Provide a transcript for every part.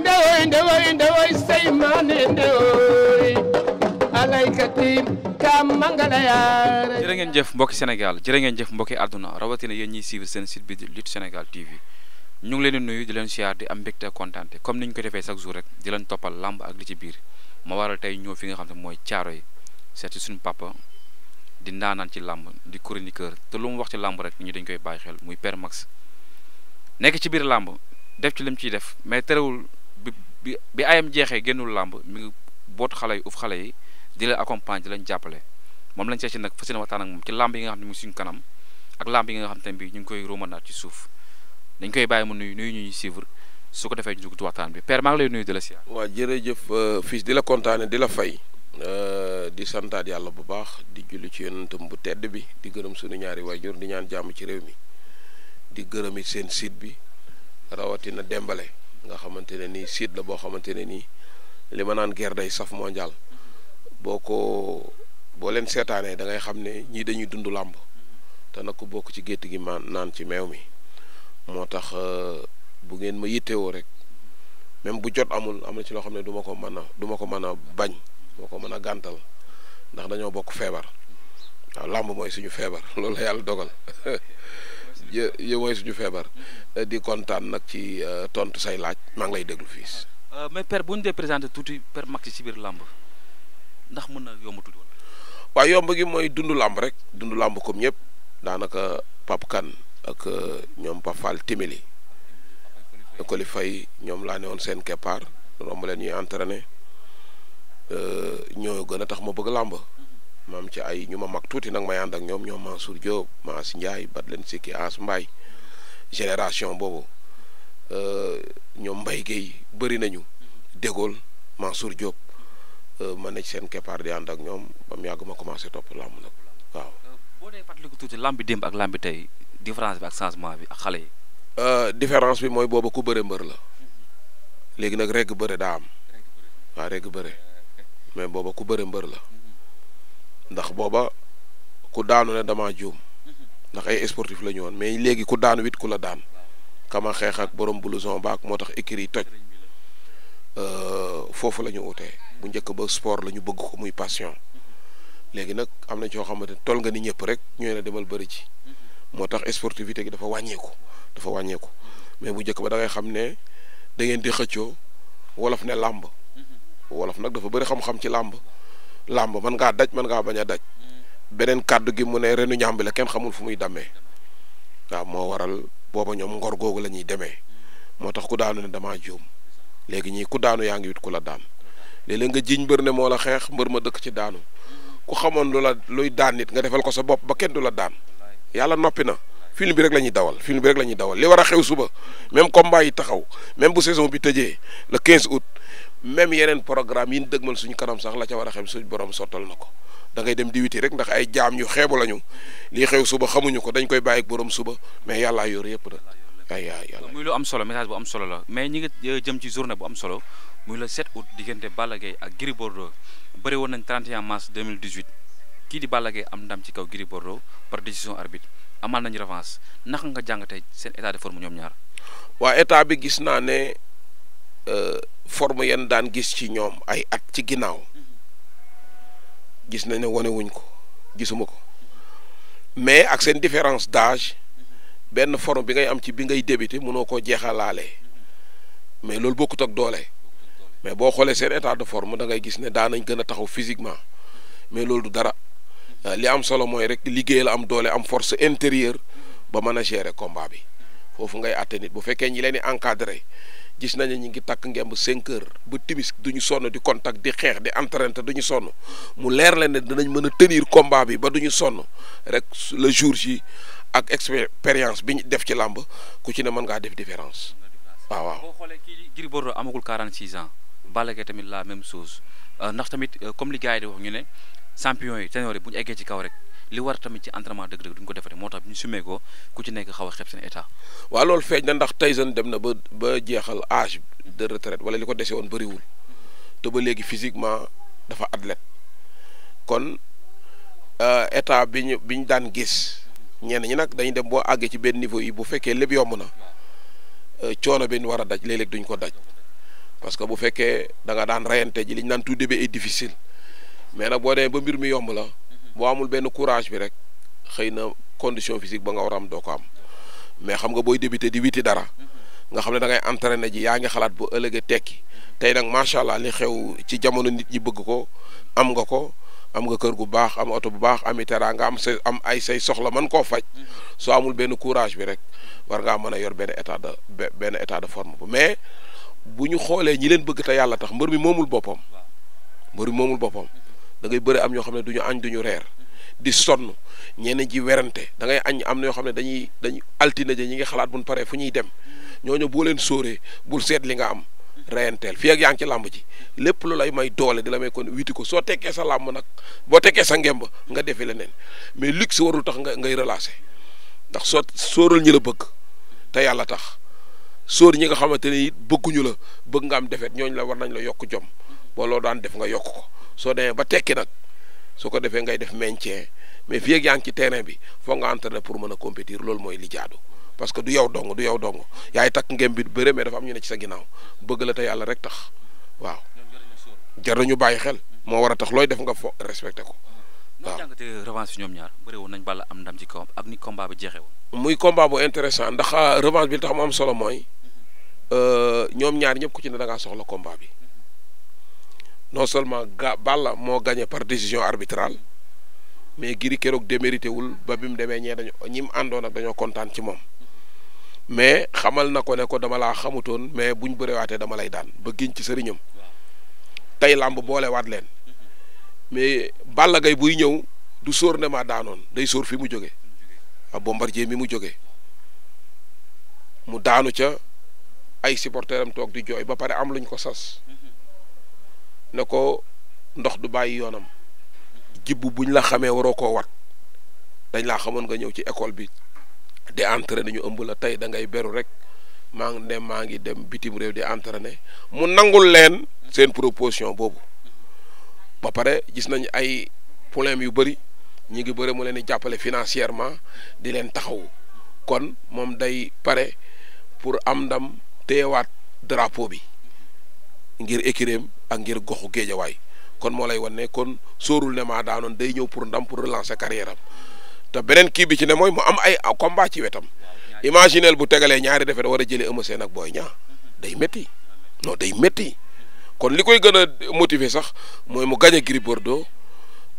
ndewoy ndewoy ndewoy seymane ndewoy alaykatim kam mangala yaar jërë ngeen jëf mbokki Sénégal jërë ngeen jëf mbokki àdduna rawatina yéen ñiy suivre seen site bi di Lutte Sénégal TV ñu ngi leen di nuyu di leen siyaar di am mbégte kontaante comme ni ñu ko defee chaque jour rek di leen toppal làmb ak li ci biir ma waral tey ñëw fi nga xam ne mooy caaro yi seet si suñu papa di ndaanaan ci làmb di chroniqueur te lu mu wax ci làmb rek ñu dañ koy bàyyi xel muy Père Max nekk ci biir làmb def ci lim ci def mais terewul bi bi bi ayam jeexee génnul làmb mu ngi boot xale yi uf xale yi di leen accompagne di leen jàppale moom lañ seet si nag fas seen waxtaan ak moom ci làmb yi nga xam ne mu suñu kanam ak yi nga xam ne bi ñu ngi koy romanaat ci suuf dañ koy bàyyi mu nuyu nuyu ñuy suivre su ko defee ñu dugg waxtaan bi père maa ngi lay nuyu di la si waaw jërëjëf euh, fils di la kontaane di la fay euh, di santaat yàlla bu baax di julli ci yonentam bu tedd bi di gërëm sunu ñaari waajur di ñaan jàmm ci réew mi di gërëm seen site bi rawatina dembale nga xamante ne nii site la boo xamante ne nii li ma naan guerre day saf mondial boo ko boo leen seetaanee da ngay xam ne ñii dañuy dund làmb te nag ku bokk ci gétt gi ma naan ci meew mi moo tax euh, bu ngeen ma yittewoo rek même bu jot amul am na ci loo xam ne duma ko mën a du ko mën a bañ boo ko mën a gàntal ndax dañoo bokk feebar waaw làmb mooy suñu feebar loolu la yàlla dogal ye way suñu febar eh, di contane nak ci eh, tontu say laaj ma ngi lay fils euh, euh mais père buñu dé présenter touti père max ci bir lamb ndax mëna yomb tuuti won wa yomb gi moy dundu lamb rek dundu lamb comme ñep danaka pap kan ak eh, ñom pa fal timeli ko li fay ñom la néwon sen képar romb leen ñuy euh ñoo gëna tax ma bëgg lamb ma ci ay ñu ma tuuti nag may ànd ak ñoom ñoom Mansour Diop Maas Ndiaye Badlen Sikki As Mbaye génération boobu euh, ñoom Mbaye Guèye bëri nañu dégool Mansour Diop euh, ma ne ci seen keppaar di ànd ak ñoom ba mu yàgg ma commencé topp làmb nag waaw. boo dee fàttaliku tuuti làmb bi ak làmb bi tey différence bi ak changement bi ak xale yi. Euh, différence bi mooy booba ku bëre mbër la léegi nag regg bëre daa am waaw regg bëre mais boobu ku bëre mbër la. ndax booba ku daanu ne dama juum ndax ay sportif la ñu woon mais léegi ku daan wit ku la daan kama xeex ak borom blouson baak moo tax écurie yi toj euh, foofu la ñu utee bu njëkk ba sport la ñu bëgg ko muy passion léegi nag am na coo xamante tool nga ni ñëpp rek ñooy ne demal bëri ci moo tax sportivité gi dafa wàññeeku dafa wàññeeku mais bu njëkk ba da xam ne da ngeen di xëccoo wolof ne làmb wolof nag dafa bëri xam-xam ci làmb làmb mën ngaa daj mën ngaa bañ a daj hmm. beneen kàddu gi mu ne renu ñaam la kenn xamul fu muy demee waaw moo waral booba ñoom ngor googu la ñuy demee moo tax ku daanu ne damaa juum léegi ñii ku daanu yaa ngi wit ku la daan léeg nga jiiñ mbër ne moo la xeex mbër ma dëkk ci daanu ku xamoon lu la luy daan nit nga defal ko sa bopp ba kenn du la daan yàlla noppi na film bi rek la ñuy dawal film bi rek la ñuy dawal li war a xew suba même combat yi taxaw même bu saison bi tëjee le 15 août même yeneen programme yi ñu dëgmal suñu kanam sax la ca war a xew suñu borom sottal na ko da ngay dem di witi rek ndax ay jaam yu xeebu lañu li xew suba xamuñu ko dañ koy bàyyi borom suba mais yàllaa yor yépp da ay yalla muy lu am solo message bu am solo la mais ñi nga euh, jëm ci journée bu am solo muy le 7 août digënté Balla ak Gris Bordeaux bari won nañ 31 mars 2018 ki di Balla am ndam ci kaw Gris Bordeaux par décision arbitre amal nañ revanche naka nga jàngatee seen état de forme ñoom ñaar. waa état bi gis naa ne. Euh, forme yan daan gis ci ñoom ay at ci ginnaaw gis nañ ne wanewuñ ko gisuma ko mais ak seen différence dage benn forme bi ngay am ci bi ngay débuté munoo koo jeexalaale mais loolu bokkut ak doole mais boo xoolee seen état de forme da ngay gis ne daan nañ gën a taxaw physiquement mais loolu du dara euh, li am solo mooy rek liggéey la am doole am force intérieure ba mën a gérer combat bi foofu ngay àtte nit bu fekkee ñi leen di encadré gis nañu ñu ngi takk ngemb cinq heures bu timis duñu sonn di contact di xeex di entraîné te duñu sonn mu leer leen ne dinañ mën a tenir combat bi ba duñu sonn rek le jour ji ak périence bi ñu def ci làmb ku ci ne mën ngaa def différence. waaw waaw boo xoolee kii Gris Bordeaux amagul 46 tamit la même chose euh, ndax tamit euh, comme li gars yi di wax ñu ne champion yi ténor yi bu eggee ci kaw rek. li war tamit ci entraînement dëgg duñ ko defate moo tax bi ñu sumee ko ku ci nekk xaw a xeeb seen état. waa loolu feeñ na ndax Tyson dem na ba ba jeexal âge de retraite wala li ko desee woon bariwul te ba léegi physiquement dafa athlète kon euh, état bi ñu bi ñu daan gis ñenn ñi nag dañu dem boo àggee ci benn niveau yi bu fekkee lépp yomb na euh, coono bi ñu war a daj léeg duñ ko daj parce que bu fekkee da nga daan rayante ji li ñu naan tout début est difficile mais nag boo demee ba mbir mi yomb la. boo amul benn courage bi rek xëy na condition physique ba nga war am doo ko am mais xam nga booy débuté di witi dara nga xam ne da ngay na ji yaa ngi xalaat bu ëllëgee tekki tey nag macha allah ni xew ci jamono nit ñi bëgg ko am nga ko am nga kër gu baax am oto bu baax ami tera nga am say am ay say soxla man koo faj soo amul benn courage bi rek war ngaa mën a yor benn état de benn état de forme bu mais bu ñu xoolee ñi leen bëgg te yàlla tax mbër mi moomul boppam mbër mi moomul boppam da ngay bëri am ñoo xam ne du ñu añ duñu reer di sonn ñeneen ji werante da ngay añ am na ñoo xam ne dañuy dañuy altine ji ñi ngi xalaat bu buñ paree fu ñuy dem ñooñu boo leen sóoree bul seet li nga am reyanteel fii ak yaa ngi ci làmb ji lépp lu lay may doole di la may kon witi ko soo tekkee sa làmb nag boo tekkee sa ngemb nga defi leneen mais luxe warul tax nga ngay relâché ndax soo sóoral ñi la bëgg te yàlla tax sóor ñi nga xamante ne it bëgguñu la bëgg nga am defet ñooñu la war nañ la yokk jom boo daan def nga yokk soo demee ba tekki nag su ko defee ngay def maintien mais fii ak yaa ngi ci terrain bi foog nga entraîné pour mën a compétir loolu mooy li jaadu parce que du yow dong du yow dong yaay takk ngem bi bëre mais dafa am ñu ne ci sa ginnaaw bëgg la te yàlla rek tax waaw. jar nañu bàyyi xel. moo war a tax looy def nga fo respecté ko. waaw ñoo jàngatee revanche ñoom ñaar bëre woon nañ Balla am ndam ci kawam ak ni combat bi jeexee muy combat bu intéressant ndax euh, revanche bi tax mu am solo mooy mhm. euh, ñoom ñaar ñëpp ko ci ne da ngaa soxla combat bi. non seulement ga Balla mo gagner par décision arbitrale mais giri kérok démérité wul ba bim démé ñé dañu ñim ando nak dañu contane ci mom mais xamal na ko ne ko dama la xamutone mais buñ waté dama lay daan ba giñ ci tay lamb boole wat mais Balla gay buy ñëw du sóor ne maa day sor fi mu joggé a ah, Bombardier mi mu joggé mu daanu ca ay supporteram tok di joy ba pare am luñ ko sas ne ko ndox du bàyyi yoonam jibbu buñ la xamee waroo ko wat dañ laa xamoon nga ñëw ci école bi di entraîné ñu ëmb la tey da ngay beru rek maa ngi dem maa ngi dem bitim réew di entraîné mu nangul leen seen proposition boobu ba pare gis nañ ay problème yu bëri ñu ngi bëri mu leen di jàppale financièrement di leen taxawu kon moom day pare pour am ndam téyewaat drapeau bi ngir écuréem ak ngir goxu géejawaay kon moo lay wan ne kon sóorul ne maa daanoon day ñëw pour ndam pour relancer carrière am te beneen kii bi ci ne mooy mu am ay combat ci wetam imaginel bu tegalee ñaari defet war a jëlee Eumeu Sène ak Boy Niang day métti non day métti kon li koy gën a motiver sax mooy mu gañ a Gris Bordeaux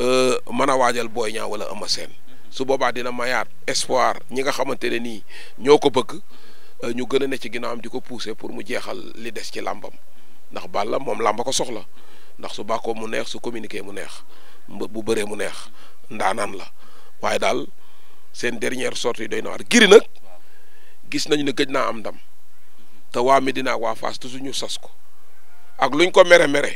euh, mën a waajal Boy Niang wala Eumeu Sène su boobaa dina mayaat espoir ñi nga xamante ne nii ñoo ko bëgg euh, ñu gën a ne ci ginnaawam di ko pousser pour mu jeexal li des ci làmbam ndax la moom làmba ko soxla ndax su bàkkoo mu neex su communiquer mu neex bu bëree mu neex ndaanaan la waaye daal seen dernière yi doy na waar giri nag gis nañu ne gëj naa am ndam te waa Medina ak waa Fass toujours ñu sas ko ak luñ ko mere mere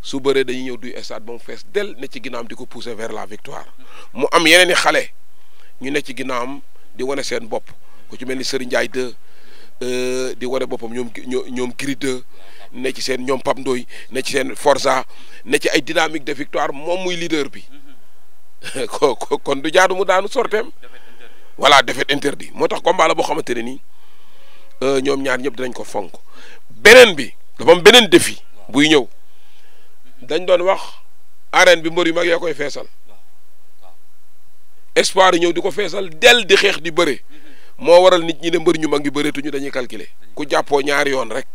su bëree dañuy ñëw duy stade ba fees del ne ci ginnaawam di ko pousser vers la victoire mu am yeneen i xale ñu ne ci ginnaawam di wane seen bopp ku ci mel ni Serigne njaay 2 euh, di wane boppam ñoom ñoom ne seen ñoom Pape Ndoye ne ci seen Forza ne ci ay dynamique de victoire moom muy leader bi mhm. kon du jaadu mu daanu sorteem voilà défaite interdit moo tax combat la boo xamante ne nii euh, ñoom ñaar ñëpp dinañ ko fonk beneen bi dafa am beneen défi buy ñëw mhm. dañ doon wax arène bi mbër yu mag yaa koy feesal espoir ñëw di ko feesal del di xeex di bëre mhm. moo waral nit ñi ne mbër ñu mag ngi ñu dañuy calculer ku jàppoo ñaari yoon rek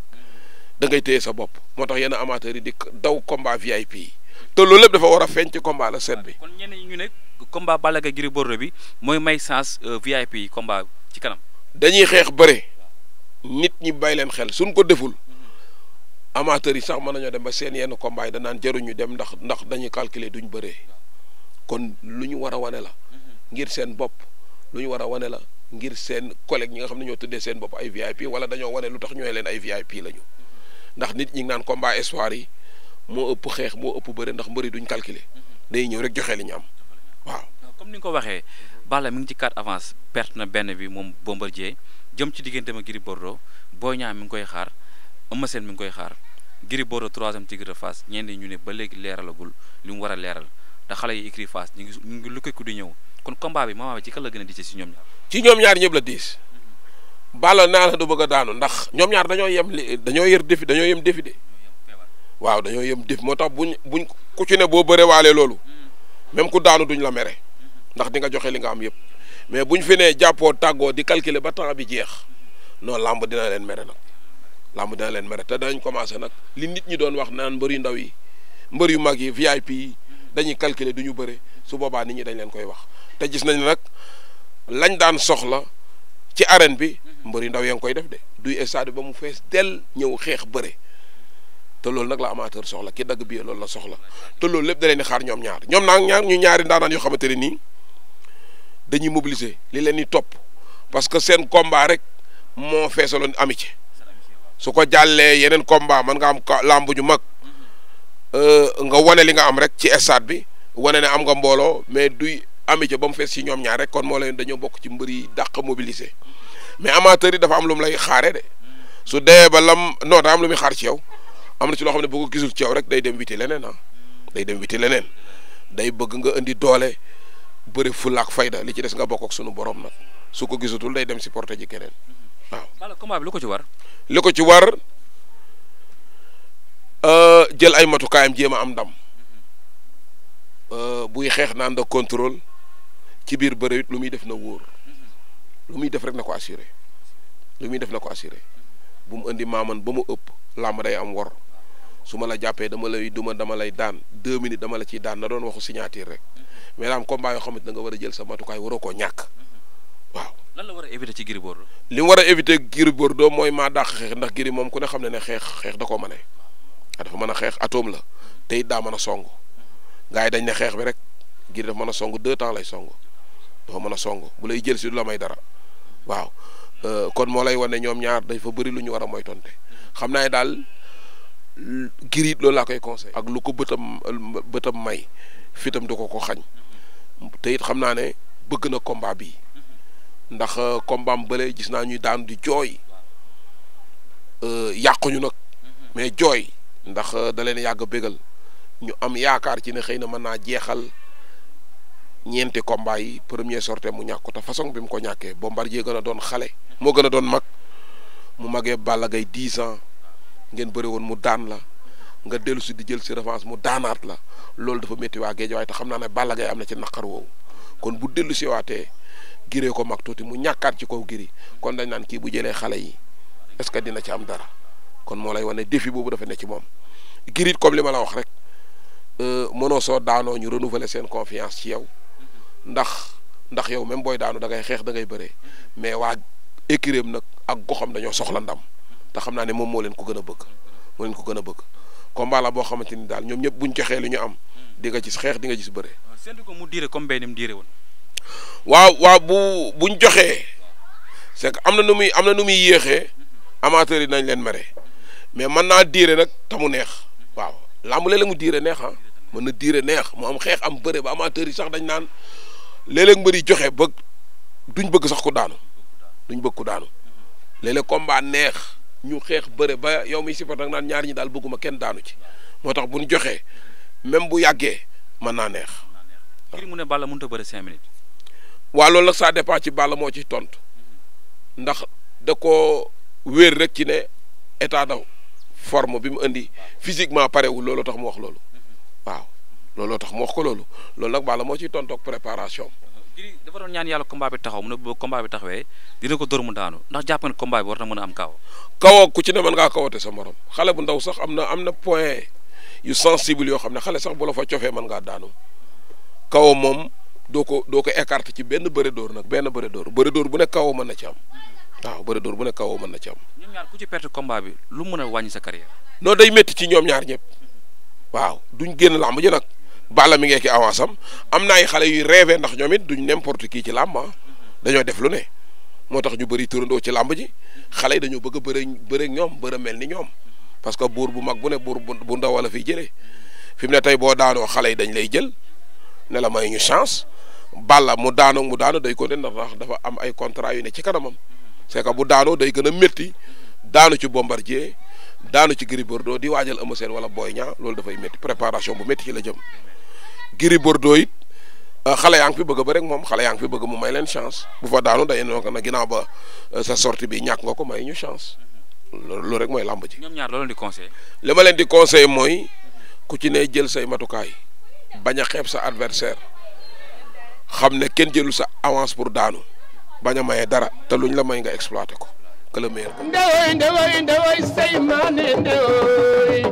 da ngay téye sa bopp moo tax yenn amateurs yi di daw combat VIP yi te loolu lépp dafa war a feeñ ci combat la seen bi. kon ñenn ñi ñu ne combat Balla Gaye Gris Bordeaux bi mooy may sens euh, VIP yi combat ci kanam. dañuy xeex bëre nit ñi bàyyi leen xel suñ ko deful mm-hmm. amateurs yi sax mën nañoo dem ba seen yenn combat yi danaan jaruñu dem ndax ndax dañuy calculer duñu bëree kon lu ñu war a wane la mm-hmm. ngir seen bopp lu ñu war a wane la ngir seen collègue ñi nga xam ne ñoo tuddee seen bopp ay VIP wala dañoo wane lu tax ñooy leen ay VIP lañu. ndax nit ñi ngi naan combat espoir yi moo ëpp xeex moo ëpp bëre ndax mbëri duñ calculer mhm. day ñëw rek joxe li ñu am waaw. comme ni nga ko waxee Balla mi ngi ci carte avance perte na benn bi moom Bombardier jëm ci diggante ma Gris Bordeaux Boy Niang mi ngi koy xaar Eumeu Sène mi ngi koy xaar Gris Bordeaux troisième tigre de Fass ñu ne ba léegi leeralagul li mu war a leeral te xale yi écrit Fass ñu ngi ñu ngi lukkeeku di ñëw kon combat bi moment bi ci la gën a diis ci ñoom ñaar. Balla naa la du bëgg a daanu ndax ñoom ñaar dañoo yem dañoo yër defi dañoo yem defi de waaw dañoo yem def moo tax buñ buñ ku ci ne boo bëre waalee loolu même ku daanu duñu la mere ndax di nga joxe li nga am yëpp mais buñ fi nee jàppoo tàggoo di calculer ba temps bi jeex non làmb dina leen mere nag làmb dina leen mere te danañ commencé nag li nit ñi doon wax naan mbër yu ndaw yi mbër yu mag yi VIP yi dañuy calculer du ñu bëre su boobaa nit ñi dañ leen koy wax te gis nañ nag lañ daan soxla. ci arène bi mbër yu ndaw yaa ngi koy def de duy stade ba mu fees dell ñëw xeex bëre te loolu nag la amateur soxla kii dagg bi loolu la soxla te lool lépp da leen di ñoom ñaar ñoom nag ñaar ñu ñaari ndaanaan yoo xamante ne nii dañuy mobiliser li leen di topp parce que seen combat rek moo feesaloon amitié su ko jàllee yeneen combat man nga am làmb ju mag mm-hmm. euh, nga wane li nga am rek ci estade bi wane ne am nga mbooloo mais duy amitié ba mu fees ci ñoom ñaar kon moo leen dañoo ci mbër yi dàq mobiliser mais amateur yi dafa am lu mu lay xaaree su dee ba lam non am lu muy xaar ci yow am na ci loo xam ne bu ko gisul ci yow rek day dem witi leneen ah. day dem witi leneen day bëgg nga indi doole bëri fulla ak fayda li ci des nga bokk ak sunu borom nag su ko gisatul day dem si porté ji keneen waaw. alors combat lu ko ci war. li ko ci war euh, jël ay matukaayam jéem a am ndam euh, buy xeex naan da contrôle. ci biir bëre it lu muy def na wóor lu muy def rek na ko assuré lu muy def na ko assuré bu mu indi maaman ba mu ëpp làmb day am wor su ma la jàppee dama lay duma dama lay daan deux minutes dama la ciy daan na doon waxu signature rek mais daam combat yoo xam ne nga war jël sa matukaay waroo koo ñàkk waaw. lan la war a éviter ci Gris Bordeaux. li mu war a éviter Gris Bordeaux mooy maa xeex ndax Gris moom ku ne xam ne ne xeex xeex da ko mën a ah, dafa mën a xeex atome la te it daa man a song gars yi dañ ne xeex bi rek giir dafa mën a song deux temps lay song doo mën a song bu lay jël si du la may dara waaw euh, kon moo lay wane ñoom ñaar dañ fa bëri lu ñu war a moytonte xam naa ne daal giriit loolu laa koy conseil ak lu ko bëtam bëtam may fitam du ko ko xañ te xam naa ne bëgg na combat bi ndax euh, combat bële gis naa ñuy daan di jooy euh, yàquñu nag mais jooy ndax da leen yàgg bégal ñu am yaakaar ci ne xëy na mën naa jeexal ñeenti combat yi premier sorte mu ñàkk ko te façon bi mu ko ñàkkee Bombardier gën a doon xale moo gën a doon mag mu magee Balla Gaye 10 ans ngeen bëri woon mu daan la nga dellu si di jël si revanche mu daanaat la loolu dafa métti waa géej waaye te xam naa ne Balla Gaye am na ci naqar woowu kon bu dellu si waatee giree ko mag tuuti mu ñàkkaat ci kaw giri kon dañ naan kii bu jëlee xale yi est-ce que dina ci am dara kon moo lay wane défi boobu dafa ne ci moom girit comme li ma la wax rek euh, mënoo soo daanoo ñu renouveler seen confiance ci yow ndax ndax yow même booy daanu da ngay xeex da ngay bëree mais waa écurie-am nag ak goxam dañoo soxla ndam te xam naa ne moom moo leen ko gën a bëgg moo leen ko gën a bëgg combat la boo xamante ni daal ñoom ñëpp bu joxee lu ñu am di nga gis xeex di nga gis bëre. séntu ko mu diire comme mbéy ni mu diire waaw waaw bu buñ joxee c'est am na nu muy am na nu muy yéexee amateurs yi nañ leen mere mais mën naa diire nag te mu neex waaw làmb léeg-léeg mu diire neex ah mën na diire neex mu am xeex am bëre ba amateurs yi sax dañ naan. léeg-léeg mbër yi joxe ba duñ bëgg sax ko daanu duñ bëgg ku daanu léeg-léeg combat neex ñu xeex bëre ba yow mi support ak naan ñaar ñi daal bëgguma kenn daanu ci moo tax bu ñu joxee même bu yàggee mën naa neex. ngir mu ne Balla mënut a bëre cinq minutes. waa loolu nag ça dépend ci Balla moo ci tontu ndax da ko wéer rek ci ne état daw forme bi mu indi physiquement parewul loolu tax mu wax loolu. looloo tax mu wax ko loolu loolu nag Balla moo ciy tontoog préparation Gris ñaan yàlla combat bi taxaw mu ne bu bi taxawee dina ko dóor mu daanu ndax jàpp ne combat bi war na mën a am kaw kawoo ku ci ne mën ngaa kawate sa morom xale bu ndaw sax am na am na point yu sensible yoo xam ne xale sax bu la fa cofee mën ngaa daanu kawoo moom doo ko doo ko écarté ci benn bëre door nag benn bëre door bëre door bu ne kaw mën na ci am waaw bëre dóor bu ne kawoo mën na ci am ñoom ku ci perte combat bi lu mën a wàññi sa carrière non day métti ci ñoom ñaar ñëpp waaw duñ génn làmb ji nag Balla mi ngi ki avance am am na ay xale yu rêvé ndax ñoom it duñ n'importe qui ci làmb ah. dañoo def lu ne moo tax ñu bëri turandoo ci làmb ji xale yi dañoo bëgg a bëre ñoom bëre mel ni ñoom parce que buur bu mag bu ne buur bu ndaw la fiy jëlee fi mu ne tey boo daanoo xale yi dañ lay jël ne la may ñu chance Balla mu daanoo mu daanoo day ko ne ndax dafa am ay contrat yu ne ci kanamam c'est que bu daanoo day gën a métti daanu ci bombardier daanu ci Gris Bordeaux di waajal Eumeu Sène wala Boy lolou da fay metti préparation bu metti ci la jëm Gris Bordeaux it euh, xalé yang fi bëgg ba rek mom xalé fi bëgg mu may len chance bu fa daanu day noo na ginaaw ba euh, sa sortie bi ñak nga ko may ñu chance lolou rek moy lamb ci ñom ñaar lolou di conseil li ma di conseil moy ku ci ne jël say matukaay bañ sa adversaire xamne ne kenn jëlul sa avance pour daanu baña maye dara te luñ la may nga exploiter ko. que le meilleur. ndewoy ndewoy ndewoy sey maane ndewoy